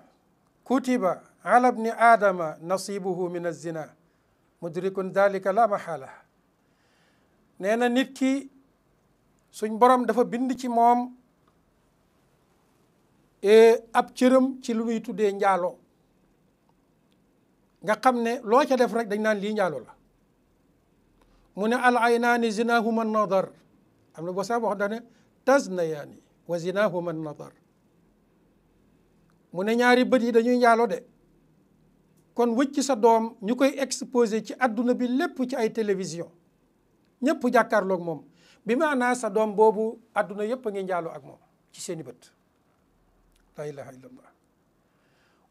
A: kutiba ala bni aadama nasibuhu min azina mudrikun dalika la mahala nee na nit ki suñ borom dafa bind ci moom eh, ab cëram ci lu muy tuddee njaalo nga xam ne loo ca def rek dañ naan lii njaaloo la mu ne al aynaani zinahuma nadar am na boo sax wax dax ne tasnayaani wa zinahuma nadar mu ne ñaari bët yi dañuy njaaloo de kon wëcc sa doom ñu koy exposé ci adduna bi lépp ci ay télévision ñëpp jàkkaarloog moom bi maanaa sa doom boobu adduna yëpp a ngi njaaloo ak moom ci seeni bët la ilaha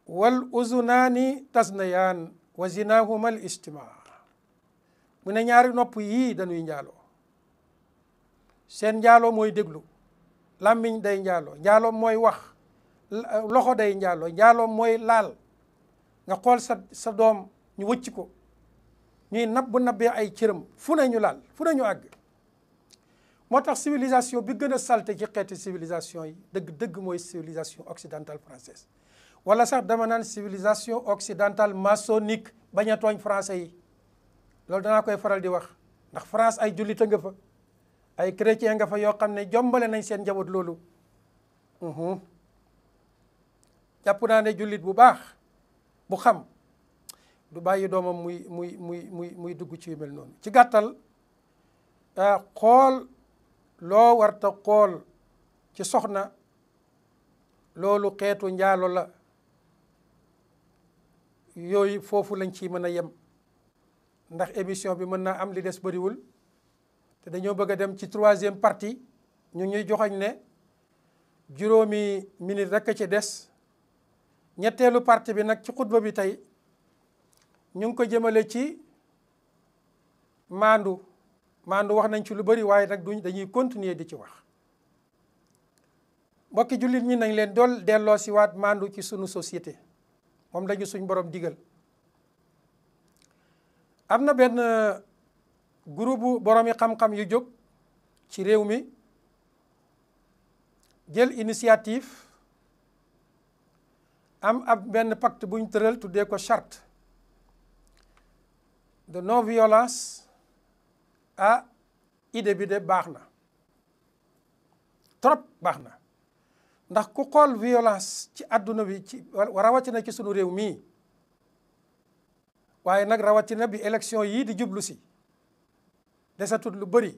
A: wal tas na yaan wasina al istima mu ne ñaari nopp yii dañuy njaaloo seen njaaloo mooy déglu làmmiñ day njaaloo njaaloo mooy wax loxo day njaaloo njaaloo mooy laal nga xool sa sa doom ñu wëcc ko ñuy nab bu nabbee ay cëram fu ne ñu laal fu ne ñu àgg moo tax civilisation bi gën a salte ci xeeti civilisation yi dëgg dëgg mooy civilisation occidentale française wala sax dama naan civilisation occidentale maçonnique bañ a tooñ yi loolu danaa koy faral di wax ndax France ay a nga fa ay chrétien nga fa yoo xam ne jombale nañ seen njaboot loolu jàpp naa ne jullit bu baax bu xam du bàyyi doomam muy muy muy muy muy dugg ci yu noonu ci gàttal xool loo warta xool ci soxna loolu xeetu njaalo la yooyu foofu lañ ci mën a yem ndax émission bi mën naa am li des bëriwul te dañoo bëgg a dem ci troisième parti ñu ñuy joxañ ne juróomi minute rek ci des ñetteelu partie bi nag ci xutba bi tey ñu ngi ko jëmale ci maandu maandu wax nañ ci lu bëri waaye nag duñ dañuy continuer di ci wax mbokki jullit ñi nañ leen dool delloo si waat maandu ci sunu société moom lañu suñ borom digal am na benn euh, groupe boroomi xam-xam yu jóg ci réew mi jël initiative am ab benn pacte buñ ñu tëral tuddee ko charte de non violence ah idée bi de baax na trop baax na ndax ku xool violence ci àdduna bi ci rawatina ci sunu réew mii waaye nag rawatina bi élection yii di jublu si desatut lu bari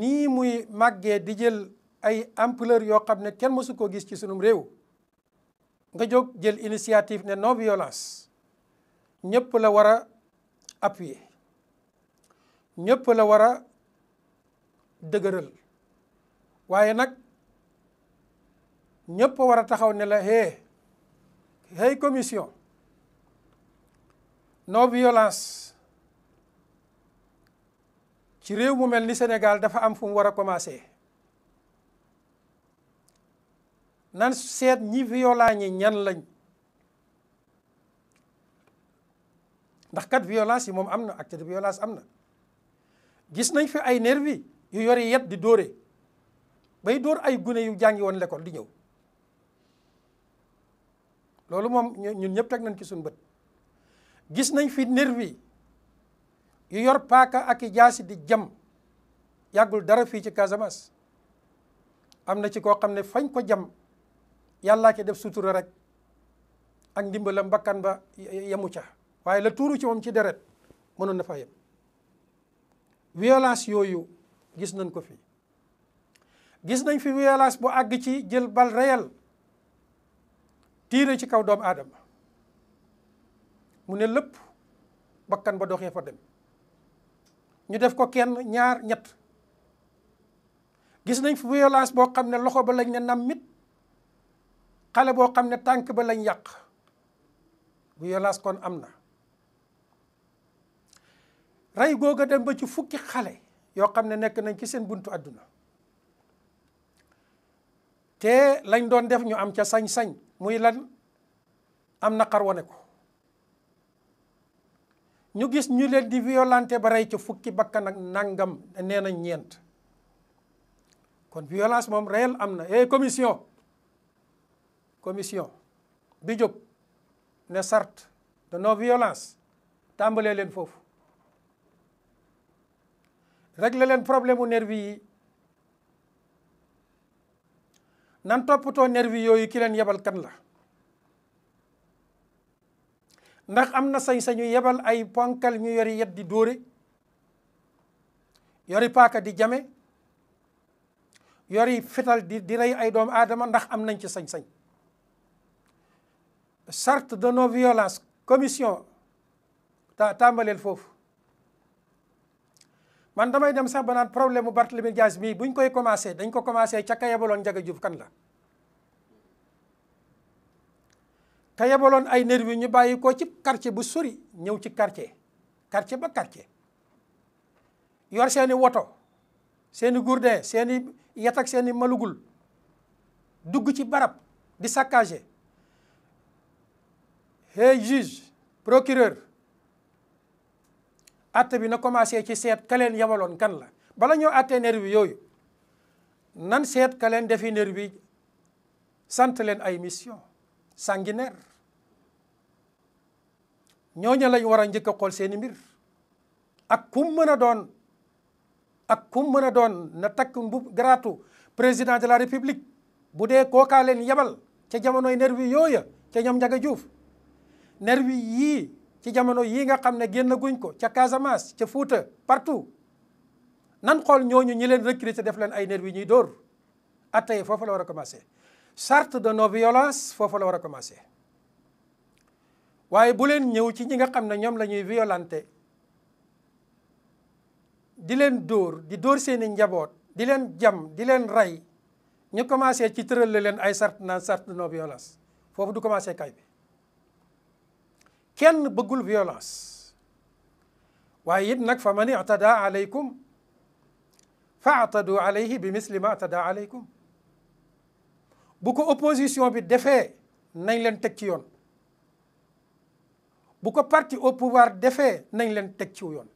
A: nii muy màggee di jël ay ampleur yoo xam ne kenn mësu koo gis ci sunu réew nga jóg jël initiative ne non violence ñëpp la war a appuyer ñëpp la war a dëgëral waaye nag ñëpp war a taxaw ne la hey hey commission non violence ci réew mu mel ni Sénégal dafa am fu mu war a commencer nan seet ñi violents ñi ñan lañ ndax kat violence yi moom am na acte de violence am na gis nañ fi ay nervi yu yore yet di dóore bay door ay gune yu jàngi woon l'école di ñëw loolu moom ñun ñëpp teg nañ ci suñu bët gis nañ fi nervi yu yor paaka ak jaasi di jam yàggul dara fii ci Casamance am na ci koo xam ne fañ ko jam yàllaa ki def sutura rek ak ndimbalam bakkan ba yemu ca waaye la tuuru ci moom ci deret mënoon na fa yem violence yooyu gis nañ ko fi gis nañ fi violence bu àgg ci jël bal réel tiire ci kaw doomu aadama mu ne lépp bakkan ba doxee fa dem ñu def ko kenn ñaar ñett gis nañ fi violence boo xam ne loxo ba lañ ne nammit xale boo xam ne tànk ba lañ yàq violence kon am na rey googa dem ba ci fukki xale yoo xam ne nekk nañ ci seen buntu àdduna te lañ doon def ñu am ca sañ-sañ muy lan am naqar wane ko ñu gis ñu leen di violenter ba rey ca fukki bakkan nangam nee na ñeent kon violence moom réel am na eh commission commission bi jóg ne charte de non violence tàmbalee leen foofu régler leen problème u nervi nan toppatoo nervi yooyu kilen leen kan la ndax am na sañ-sañu yebal ay ponkal ñu yori yet di dóore yori paaka di jame yori fital di di ay doomu aadama ndax am nañ ci sañ-sañ charte de non violence commission ta tàmbaleel foofu man damay dem sax ba naan problème mu Barthélémy Dias bu buñ koy commencé dañ ko commencé ca ka yebaloon Ndiaga Diouf kan la ka ay nervi ñu bàyyi ko cib quartier bu sori ñëw ci quartier quartier ba quartier yor seeni woto seeni gourdin seeni yat seeni malugul dugg ci barab di saccager hey juge procureur atte bi na commencé ci seet ka leen yabaloon kan la bala ñoo attee nervi yooyu nan seet ka leen defi nervi sant leen ay mission sanguinaire ñooña lañ war a njëkk a xool seeni mbir ak kum mën a doon ak kum mën a doon na takk mbub gratu président de la république bu dee kookaa leen yabal ca jamonoy nervi yooya ca ñoom Njaga Juuf nervi yii ci jamono yii nga xam ne génn guñ ko ca Casamance ca Fouta partout nan xool ñooñu ñi leen recruter def leen ay nerf yi ñuy dóor attay foofu la war a commencé charte de non violence foofu la war a commencé waaye bu leen ñëw ci ñi nga xam ne ñoom la ñuy violenté di leen dóor di dóor seeni njaboot di leen jam di leen rey ñu commencer ci tëral leen ay charte naan charte de non violence foofu du commencé kay bi kenn bëggul violence waaye it nag fa man ictada alaykum faatadu alayhi bi misli ma atada alaykum bu ko opposition bi defee nañ leen teg ci yoon bu ko parti au pouvoir defe nañ leen teg ci yoon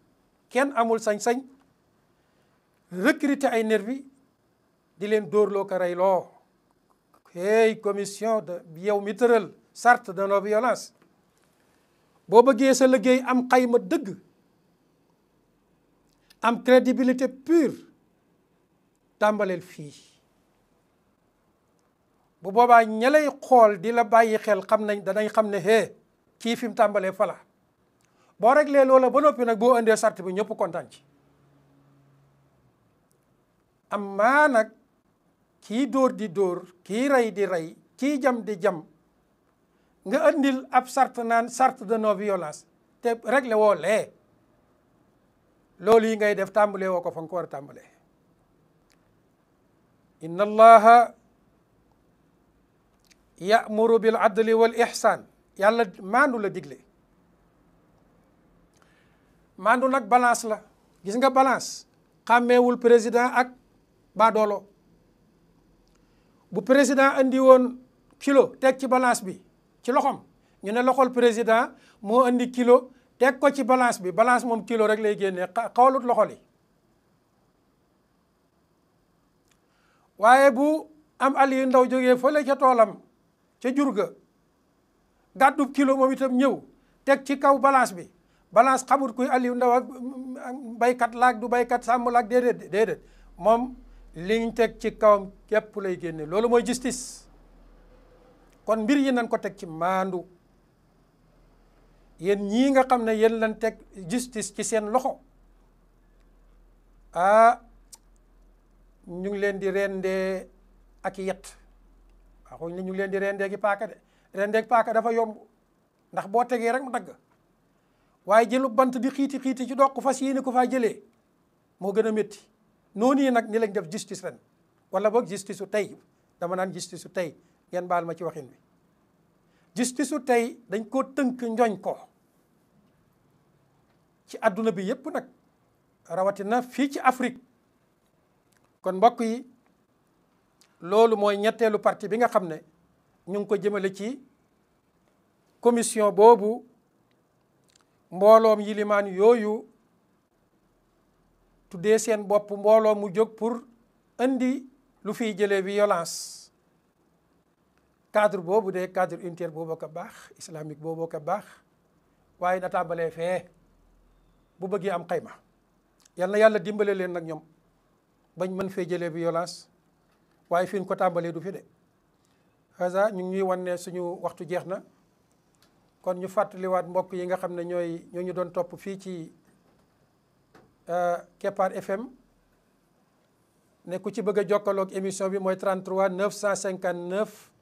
A: kenn amul sañ-sañ recruter ay nervi di leen dóorloo ko reyloo hey commission de yow mi tëral charte de violence boo bëggee sa liggéey am xayma dëgg am crédibilité pure tàmbaleel fii bu boobaa ña lay xool di la bàyyi xel xam nañ danañ xam ne hé kii fi mu tàmbalee fala boo réglé loola ba noppi nag boo indee sart bi ñëpp kontaan ci am maa nag kii dóor di dóor kii rey di rey kii jam di jam nga andil ab charte naan charte de no violence te réglé woo lee loolu yi ngay def tàmbale woo ko fa nga war a tàmbale inna allaha yamuru bil adli wal ihsan yàlla maandu la digle maandu nag balance la gis nga balance xàmmeewul président ak baadoolo bu president andi woon kilo teg ci balance bi ci loxoom ñu ne loxol président moo indi kilo teg ko ci balance bi balance moom kilo rek lay génnee xawalut loxol yi waaye bu am Aliou Ndao jógee fële ca toolam ca Diourbel gàddub kilo moom itam ñëw teg ci kaw balance bi balance xamul kuy Aliou Ndao ak baykat laag du baykat sàmm laag déedéet déedéet moom liñ teg ci kawam képp lay génne loolu mooy justice kon mbir yi nañ ko teg ci maandu yéen ñii nga xam ne yéen lañ teg justice ci seen loxo ah ñu ngi leen di rendee ak yet waxuñ ne ñu leen di rendee gi paaka de rendee ak paaka dafa yomb ndax boo tegee rek mu dagg waaye jëlu bant di xiiti xiiti ci doq fa yéene ko faa jëlee moo gën a métti noonu yi nag ni lañ def justice ren wala boog justice su tey dama naan justice su tey ngeen baal ma ci waxin bi justice su tey dañ koo tënk njoñ ko ci àdduna bi yépp nag rawatina fii ci Afrique kon mbokk yi loolu mooy ñetteelu parti bi nga xam ne ñu ngi ko jëmale ci commission boobu mbooloom yilimaan yooyu tuddee seen bopp mbooloo mu jóg pour indi lu fi jëlee violence cadre boobu de cadre unitaire booboo ko baax islamique booboo ko baax waaye na tàmbalee fee bu bëggee am xayma yal na yàlla dimbale leen nag ñoom bañ mën fee jëlee violence waaye fi ñu ko tàmbalee du fi de xasa ñu ngi ñuy wan suñu waxtu jeex na kon ñu fàttaliwaat mbokk yi nga xam ne ñooy ñoo ñu doon topp fii ci euh, Kepar FM nekku ci bëgg a jokkaloog émission bi mooy 33 959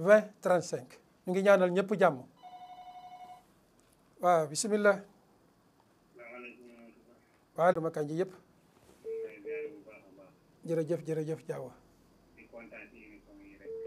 A: 20 cinq ñu ngi ñaanal ñëpp jàmm waaw bisimilah. waaw dama kañ ji yëpp jërëjëf jërëjëf jaawa